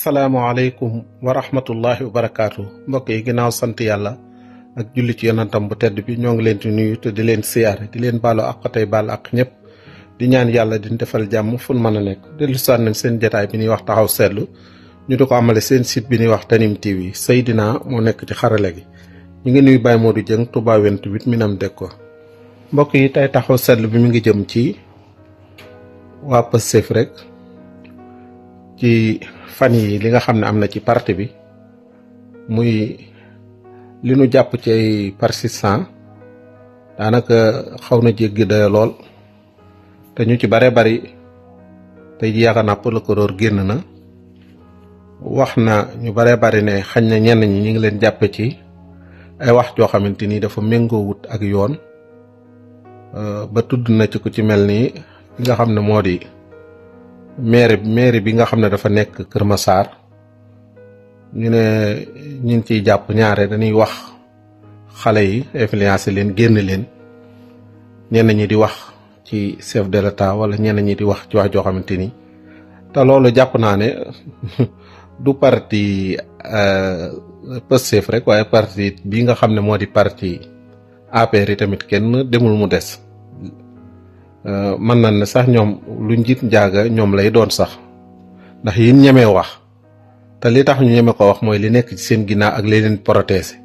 salaamaaleykum wa rahmatullahi wa barakaatu mbokk yi ginnaaw sant yàlla ak julli ci yonantam bu tedd bi ñoo ngi leen di nuyu te di leen siyaare di leen baalu ak tey baal ak ñëpp di ñaan yàlla di defal jàmm fu mën a nekk dellu saan nañ seen jataay bi ñuy wax taxaw seetlu ñu di ko amale seen site bi ñuy wax Tanim TV Seydina moo nekk ci xarale gi ñu ngi nuyu Baye Modou Dieng Touba 28 Minam dégg ko mbokk yi tey taxaw seetlu bi mu ngi jëm ci waa Pastef rek ci. fan yii li nga xam ne am na ci parti bi muy li nu jàpp ci ay partisans daanaka xaw na jéggi dayo lool te ñu ci bare bari te ji yaakaar naa génn na wax na ñu bare bari ne xañ na ñenn ñi ñu ngi leen jàppe ci ay wax joo xamante ni dafa wut ak yoon ba tudd na ci ku ci mel ni li nga xam ne moo di maire maire bi nga xam ne dafa nekk Kër Massar ñu ne ñun ciy jàpp ñaare dañuy wax xale yi influencé leen génn leen ñenn ñi di wax ci chef de l'État wala ñenn ñi di wax ci wax joo xamante ni te loolu jàpp naa ne du parti euh, Pastef rek waaye parti bi nga xam ne moo di parti APR yi tamit kenn demul mu des Euh, man na ne sax ñoom lu njiit njaaga ñoom lay doon sax ndax yim ñemee wax te li tax ñu ñeme ko wax mooy li nekk ci seen ginnaaw ak li leen protéger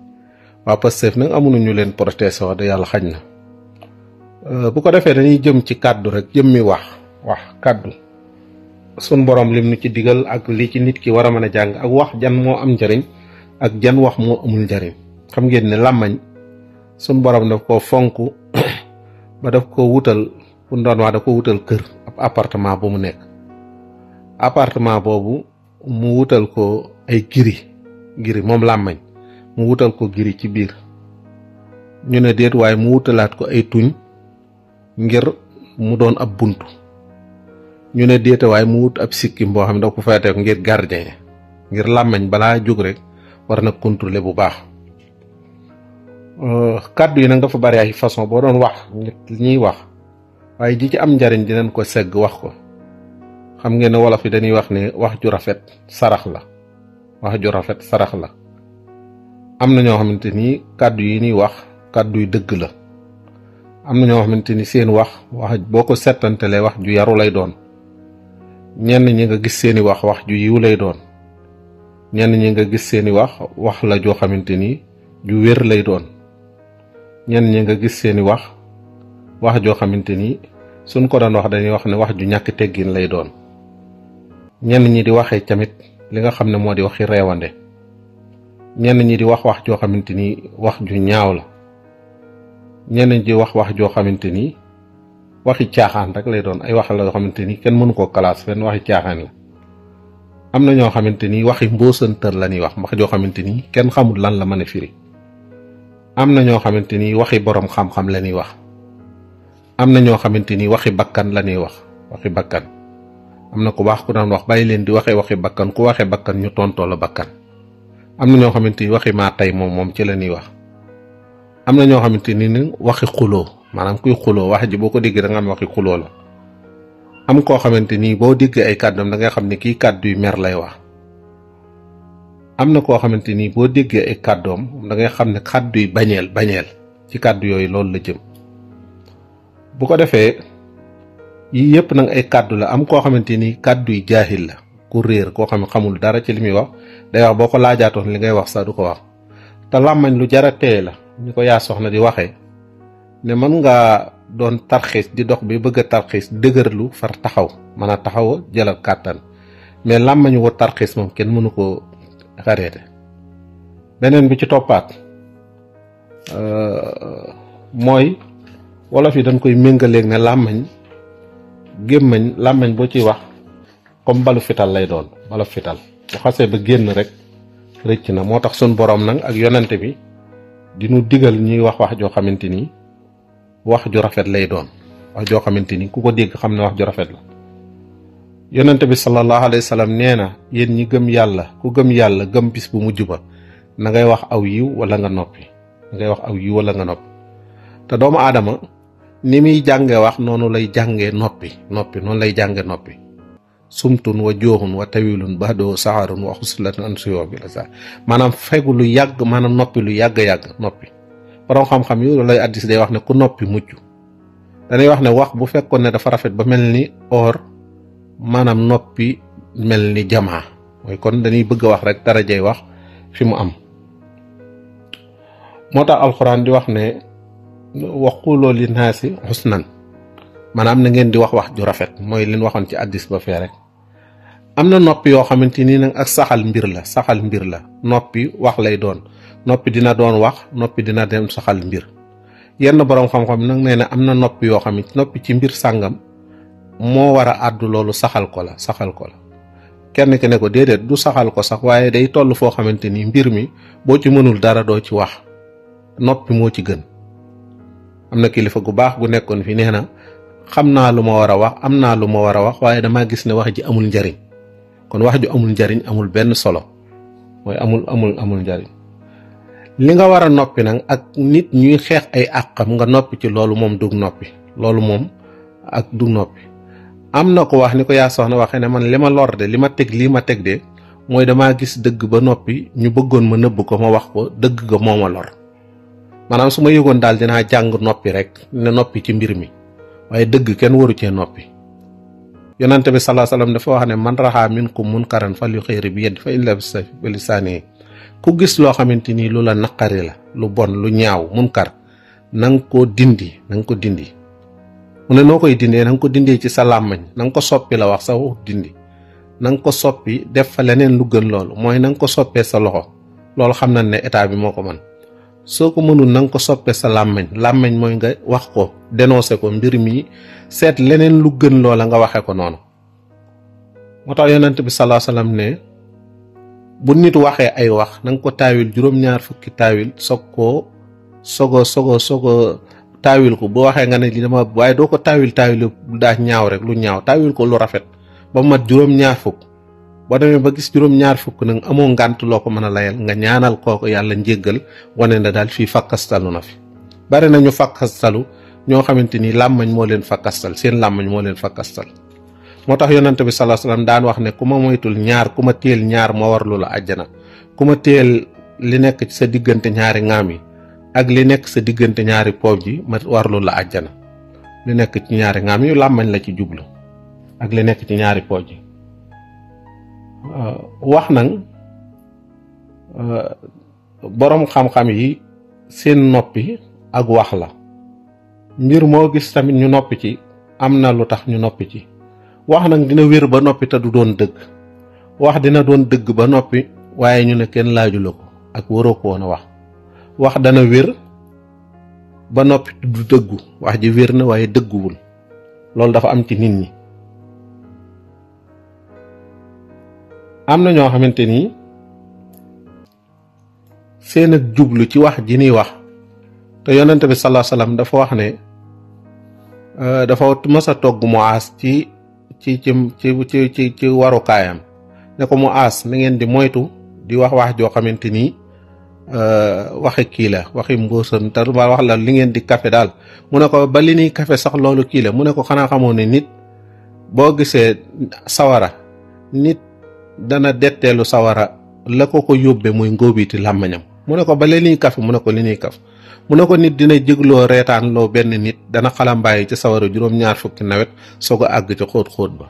waa Pastef nag amuñu ñu leen protéger wax da yàlla xañ na euh, bu ko defee dañuy jëm ci kàddu rek jëm mi wax wax kàddu sun boroom lim nu ci digal ak li ci nit ki war a mën a jàng ak wax jan moo am njariñ ak jan wax moo amul njëriñ xam ngeen làmmañ sun borom daf koo fonk ba daf koo wutal Koundonuwaa da ko wutal kër ab appartement bu mu nekk appartement boobu mu wutal ko ay giri giri moom làmmañ mu wutal ko giri ci biir ñu ne déet waaye mu wutalaat ko ay tuñ ngir mu doon ab bunt ñu ne déete waaye mu wut ab sikkim boo xam ne da ko fay teg ngir gardien ngir làmmañ balaa jóg rek war na contrôler bu baax euh, kàddu yi nag dafa bari ay façon boo doon wax nit wax waaye ji ci am njariñ dinañ ko segg wax ko xam ngeen ne wolof yi dañuy wax ni wax ju rafet sarax la wax ju rafet sarax la am na ñoo xamante ni kàddu yi ñuy wax kàddu yu dëgg la am na ñoo xamante ni seen wax wax boo ko settantelee wax ju yaru lay doon ñenn ñi nga gis seeni wax wax ju yiw lay doon ñenn ñi nga gis seeni wax wax la joo xamante ni ju wér lay doon ñenn ñi nga gis seeni wax wax joo xamante ni suñ ko doon wax dañuy wax ne wax ju ñàkk teggin lay doon ñenn ñi di waxee tamit li nga xam ne moo di waxi reewande ñenn ñi di wax wax joo xamante ni wax ju ñaaw la ñenn ñi di wax wax joo xamante ni waxi caaxaan rek lay doon ay wax la yoo xamante ni kenn mënu koo classe fenn waxi caaxaan la am na ñoo xamante ni waxi mbóosantër la ñuy wax wax joo xamante ni kenn xamul lan la mën a firi am na ñoo xamante ni waxi boroom xam-xam la ñuy wax am na ñoo xamante ni waxi bakkan la ñuy wax waxi bakkan am na ko baax ku daan wax bàyyi leen di waxee waxi bakkan ku waxee bakkan ñu tontoo la bakkan am na ñoo xamante ni waxi maa tey moom moom ci la ñuy wax am na ñoo xamante ni ni waxi xuloo maanaam kuy xuloo wax ji boo ko déggee da am waxi xuloo am koo xamante ni boo déggee ay kàddoom da nga xam ne kii kàddu yu mer lay wax am na koo xamante ni boo déggee ay kàddoom da ngay xam ne kàddu yu bañeel bañeel ci kàddu yooyu loolu la jëm bu ko defee yii yëpp nag ay kàddu la am koo xamante ni kàddu yi jaahil la ku réer koo xam xamul dara ci li muy wax day wax boo ko laajaatoon li ngay wax sax du ko wax te làmmañ lu jara teye la ñu ko yaa soxna di waxee ne mën ngaa doon tarxiis di dox bi bëgg a dëgër lu far taxaw mën a taxaw a jëlal kàttan mais làmmañ woo tarxiis moom kenn mënu ko xareete beneen bi ci toppaat euh, mooy wolof yi dañ koy méngaleeg ne làmmañ gémmañ làmmañ boo ciy wax comme balu fital lay doon balu fital bu xasee ba génn rek rëcc na moo tax sun boroom nag ak yonante bi di nu digal ñuy wax wax joo xamante ni wax ju rafet lay doon wax joo xamante ni ku ko dégg xam ne wax ju rafet la yonente bi sallallahu alayhi wa sallam nee na yéen ñi gëm yàlla ku gëm yàlla gëm bis bu mujj ba na ngay wax aw yiw wala nga noppi na wax aw yiw wala nga noppi te doomu aadama ni muy jànge wax noonu lay jànge noppi noppi noonu lay jànge noppi sumtun wa jooxun wa tawilun badoo saxarun wa xuslan an suyoo bi la sax maanaam fegu lu yàgg maanaam noppi lu yàgg-yàgg noppi borom xam-xam yu lay addis day wax ne ku noppi mucc dañuy wax ne wax bu fekkoon ne dafa rafet ba mel ni or maanaam noppi mel ni jamaa mooy kon dañuy bëgg a wax rek dara darajey wax fi mu am moo tax alxuraan di wax ne waquloo linnaasi xusnan maanaam na ngeen di wax wax ju rafet mooy leen waxoon ci addis ba fee rek am na noppi yoo xamante nii nag ak saxal mbir la saxal mbir la noppi wax lay doon noppi dina doon wax noppi dina dem saxal mbir yenn boroom xam nag nee na am na noppi yoo xam noppi ci mbir sàngam moo war a àddu loolu saxal ko la saxal ko la kenn ki ne ko déedéet du saxal ko sax waaye day toll foo xamante ni mbir mi boo ci mënul dara doo ci wax noppi moo ci gën am na kilifa gu baax gu nekkoon fi nee na xam naa lu ma war a wax am naa lu ma war a wax waaye damaa gis ne wax ji amul njariñ kon wax ju amul njariñ amul benn solo mooy amul amul amul njariñ li nga war a noppi nag ak nit ñuy xeex ay àqam nga noppi ci loolu moom dug noppi loolu moom ak dug noppi am na ko wax ni ko yaa soxna waxee ne man li ma lor de li ma teg lii ma teg de mooy damaa gis dëgg ba noppi ñu bëggoon ma nëbb ko ma wax ko dëgg ko moo ma lor maanaam su ma yëgoon daal dinaa jàng noppi rek ne noppi ci mbir mi waaye dëgg kenn waru cee noppi yonante bi salaa salaam dafa wax ne man raxaa min ku munkaran fal yu xëyri bi yedd fa illa bi lisaani ku gis loo xamante ni lu la naqari la lu bon lu ñaaw munkar na nga ko dindi na nga ko dindi mu ne noo koy dindee na ko dindee ci sa làmmañ na nga ko soppi la wax sa wax dindi na ko soppi def fa leneen lu gën loolu mooy na nga ko soppee sa loxo loolu xam na ne état bi moo ko mën soo ko mënul nanga ko soppee sa làmmiñ làmmiñ mooy nga wax ko dénoncé ko mbir mi seet leneen lu gën loola nga waxe ko noonu moo tax yonent bi salaa salaam ne bu nit waxee ay wax na ko taawil juróom-ñaar fukki taawil soog koo sogo sogo sogo taawil ko boo waxee nga ne li dama waaye doo ko taawil taawil daa ñaaw rek lu ñaaw taawil ko lu rafet ba mat juróom-ñaar fukk boo demee ba gis juróom-ñaar fukk nag amoo ngànt loo ko mën a layal nga ñaanal kooku yàlla njéggal wane na daal fii fakkastalu na fi bari ñu fakkastalu ñoo xamante ni làmmañ moo leen fakkastal seen làmmañ moo leen fakkastal moo tax yonante bi salaa salaam daan wax ne ku ma moytul ñaar ku ma téel ñaar moo war la ajjana ku ma téel li nekk ci sa diggante ñaari ŋaam yi ak li nekk sa diggante ñaari poob ji ma war la àjjana li nekk ci ñaari ŋaam yu làmmañ la ci jublu ak nekk ci ñaari poob ji Euh, wax nag euh, boroom xam-xam yi seen noppi ak wax la mbir moo gis tamit ñu noppi ci am na lu tax ñu noppi ci wax nag dina wér ba noppi te du doon dëgg wax dina doon dëgg ba noppi waaye ñu ne kenn laaju la ko ak waroo a wax wax dana wér ba noppi du dëggu wax ji wér na waaye dëgguwul loolu dafa am ci nit ñi am na ñoo xamante ni seen ak jublu ci wax ji ñuy wax te yonent bi salaa salaam dafa wax ne euh, dafa mës togg mu aas ci ci ci ci ci ci warukaayam ne ko mu aas na ngeen di moytu di wax wax joo xamante ni euh, waxi kii la waxi mbóosantal ba wax la li ngeen di kafe daal mu ne ko ba li ñuy kafe sax loolu kiila mu ne ko xanaa xamoon ne nit boo gisee sawara nit dana detteelu sawara la ko ko yóbbe muy ngóobiti làmmañam mu ne ko ba lenuy kaf mu ne ko li nuy kaf mu ne ko nit dina jégloo reetaanloo benn nit dana xalambaayi ci sawara juróom-ñaar fukki nawet soog a àgg ci xóot-xóot ba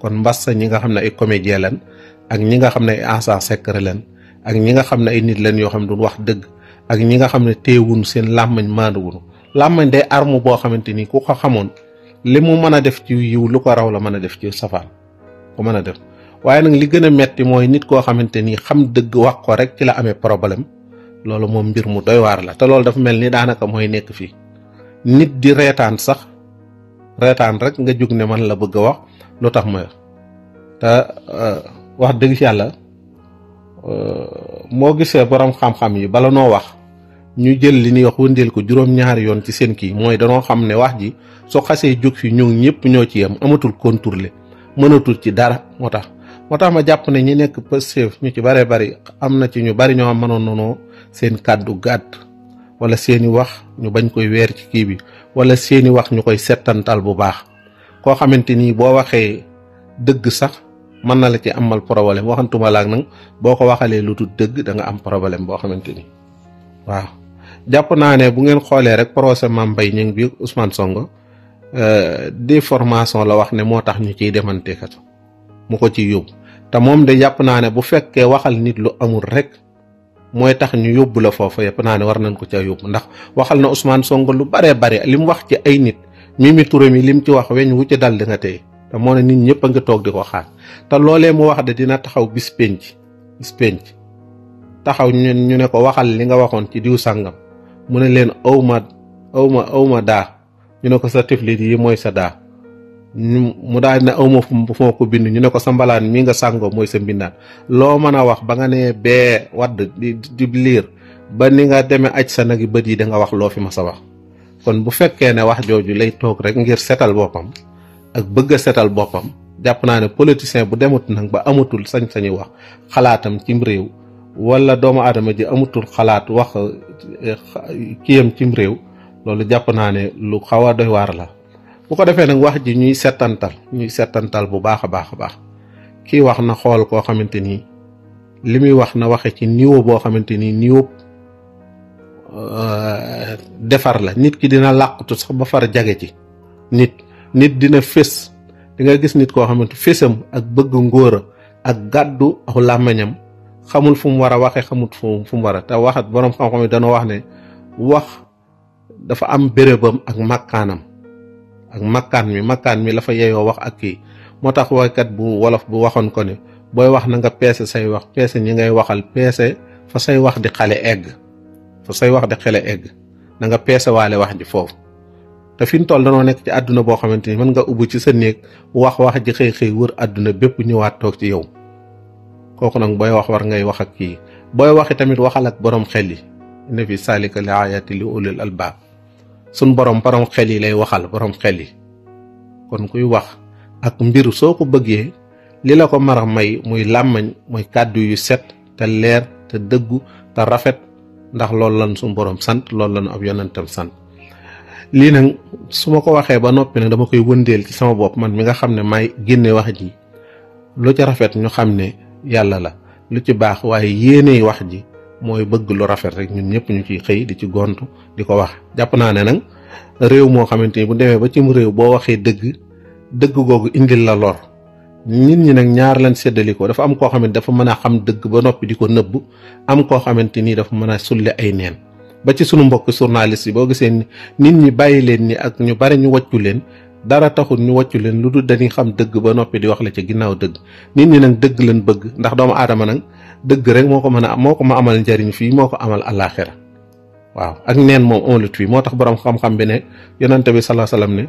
kon mbas sa ñi nga xam ne ay comédien lan ak ñi nga xam ne ay agent secret lan ak ñi nga xam ne ay nit lan yoo xam ne duñ wax dëgg ak ñi nga xam ne teewuñu seen làmmañ maanduwuñu làmmañ day armu boo xamante ni ku ko xamoon li mu mën a def ci yiw lu ko raw la mën a def ci safaan ko mën a def waaye nag li gën a metti mooy nit koo xamante ni xam dëgg wax ko rek ci la amee problème loolu moom mbir mu doy waar la te loolu dafa mel ni daanaka mooy nekk fii nit di reetaan sax reetaan rek nga jóg ne man la bëgg a wax lu tax ma wax euh, dëgg si yàlla euh, moo gisee borom xam yi bala noo wax ñu jël li ñuy wax wëndeel ko juróom yoon ci seen kii mooy danoo xam ne wax ji soo xasee jóg fi ñoom ñëpp ñoo ci yem amatul contrôle mënatul ci dara moo tax moo tax ma jàpp ne ñu nekk Pastef ñu ci bëree bari am na ci ñu bëri ñoo xam mënoon nanoo seen kàddu gàtt wala seeni wax ñu bañ koy weer ci kii bi wala seeni wax ñu koy settantal bu baax koo xamante ni boo waxee dëgg sax mën na la ci amal problème waxantuma laak nag boo ko waxalee lu dul dëgg da nga am problème boo xamante ni waaw jàpp naa ne bu ngeen xoolee rek procès Mame Mbaye Niang bi Ousmane Sonko euh, déformation la wax ne moo tax ñu ciy demante mu ko ci yóbbu te moom de jàpp naa ne bu fekkee waxal nit lu amul rek mooy tax ñu yóbbu la foofa yëpp naa ne war nañ ko ca yóbbu ndax waxal na Ousmane sonk lu baree bare li mu wax ci ay nit Mimi Touré mi li mu ci wax weñ wu ci dal di nga tey te moo ne nit ñëpp a ngi toog di ko xaar te loolee mu wax de dina taxaw bis penc bis penc taxaw ñu ñu ne ko waxal li nga waxoon ci diw sàngam mu ne leen awma awma awma daa ñu ne ko sa tiflit yi mooy sa daa mu daal ne aw fu ma ko bind ñu ne ko sa mbalaan mii nga sàngoo mooy sa mbindaan loo mën a wax ba nga ne bee wadd di di liir ba ni nga demee aj sa nag bët yi da nga wax loo fi ma sa wax kon bu fekkee ne wax jooju lay toog rek ngir setal boppam ak bëgg setal boppam jàpp naa ne politicien bu demut nag ba amatul sañ-sañu wax xalaatam cim réew walla doomu aadama ji amatul xalaat wax eh, kiyam cim réew loolu jàpp naa ne lu xaw a doy waar la bu ko defee nag wax ji ñuy setantal ñuy settantal bu baax a baax a baax kii wax na xool koo xamante ni li muy wax na waxe ci niveau boo xamante ni niveau euh, defar la nit ki dina làqutu ba far jage ci nit nit dina fés di nga gis nit koo xamante fésam ak bëgg ngóora ak gàddu ak làmmiñam xamul fu mu war a waxe xamul fu mu war a te waxat boroom xam-xam yi dañoo wax ne wax dafa am bérébam ak màkkaanam ak makkaan mi makkaan mi la fa yeyoo wax ak kii moo tax waykat bu wolof bu waxoon ko ne booy wax na nga peese say wax peese ñi ngay waxal peese fa say wax di xale egg fa say wax di xale egg na nga peese waale wax ji foofu te fi tool toll danoo nekk ci àdduna boo xamante ni mën nga ubbi ci sa néeg wax wax ji xëy xëy wër àdduna bépp ñëwaat toog ci yow kooku nag booy wax war ngay wax ak kii booy waxi tamit waxal ak borom xel yi inna fi saalika li li ulil sun borom borom xel yi lay waxal borom xel yi kon kuy wax ak mbir soo ko bëggee li la ko mar a may muy làmmañ muy kàddu yu set te leer te dëggu te rafet ndax loolu lan suñu borom sant loolu lan ab yonentam sant lii nag su ma ko waxee ba noppi nag dama koy wëndeel ci sama bopp man mi nga xam ne may génne wax ji lu ci rafet ñu xam ne yàlla la lu ci baax waaye yéeney wax ji mooy bëgg lu rafet rek ñun ñëpp ñu ciy xëy di ci gontu di ko wax jàpp naa ne nag réew moo xamante ni bu demee ba cim réew boo waxee dëgg dëgg googu indil la lor nit ñi nag ñaar lañ séddalikoo dafa am koo xamante dafa mën a xam dëgg ba noppi di ko nëbb am koo xamante ni dafa mën a sulle ay neen ba ci sunu mbokk journaliste yi boo gisee nit ñi bàyyi leen ni ak ñu bari ñu wàccu leen dara taxul ñu wàccu leen lu dul dañuy xam dëgg ba noppi di wax la ca ginnaaw dëgg nit ñi nag dëgg leen bëgg ndax doomu aadama nag dëgg rek moo ko mën a moo ko ma amal njariñ fii moo ko amal àllaaxira waaw ak neen moom on le moo tax borom xam-xam bi ne yonante bi salaa salaam ne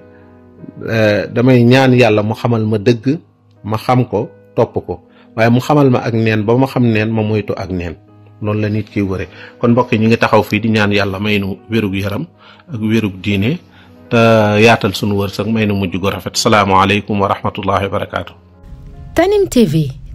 eh, damay ñaan yàlla mu xamal ma dëgg ma xam ko topp ko waaye mu xamal ma ak neen ba ma xam neen ma moytu ak neen loolu la nit ki wëre kon mbokk yi ngi taxaw fii di ñaan yàlla may nu wérug yaram ak wérug diine te yaatal sunu wërsëg may nu mujj gu rafet salaamaaleykum wa Tanim TV.